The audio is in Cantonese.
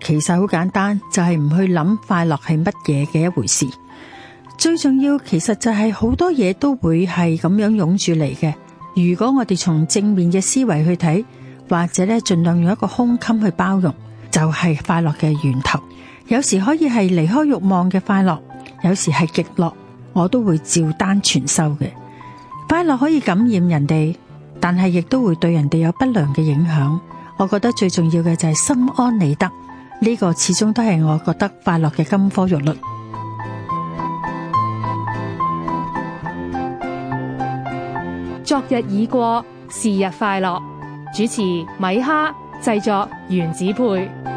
其實好簡單，就係、是、唔去諗快樂係乜嘢嘅一回事。最重要其實就係好多嘢都會係咁樣湧住嚟嘅。如果我哋從正面嘅思維去睇，或者咧盡量用一個胸襟去包容，就係、是、快樂嘅源頭。有時可以係離開慾望嘅快樂，有時係極樂，我都會照單全收嘅。快樂可以感染人哋，但係亦都會對人哋有不良嘅影響。我覺得最重要嘅就係心安理得。呢、這個始終都係我覺得快樂嘅金科玉律。昨日已過，是日快樂。主持米哈，製作原子配。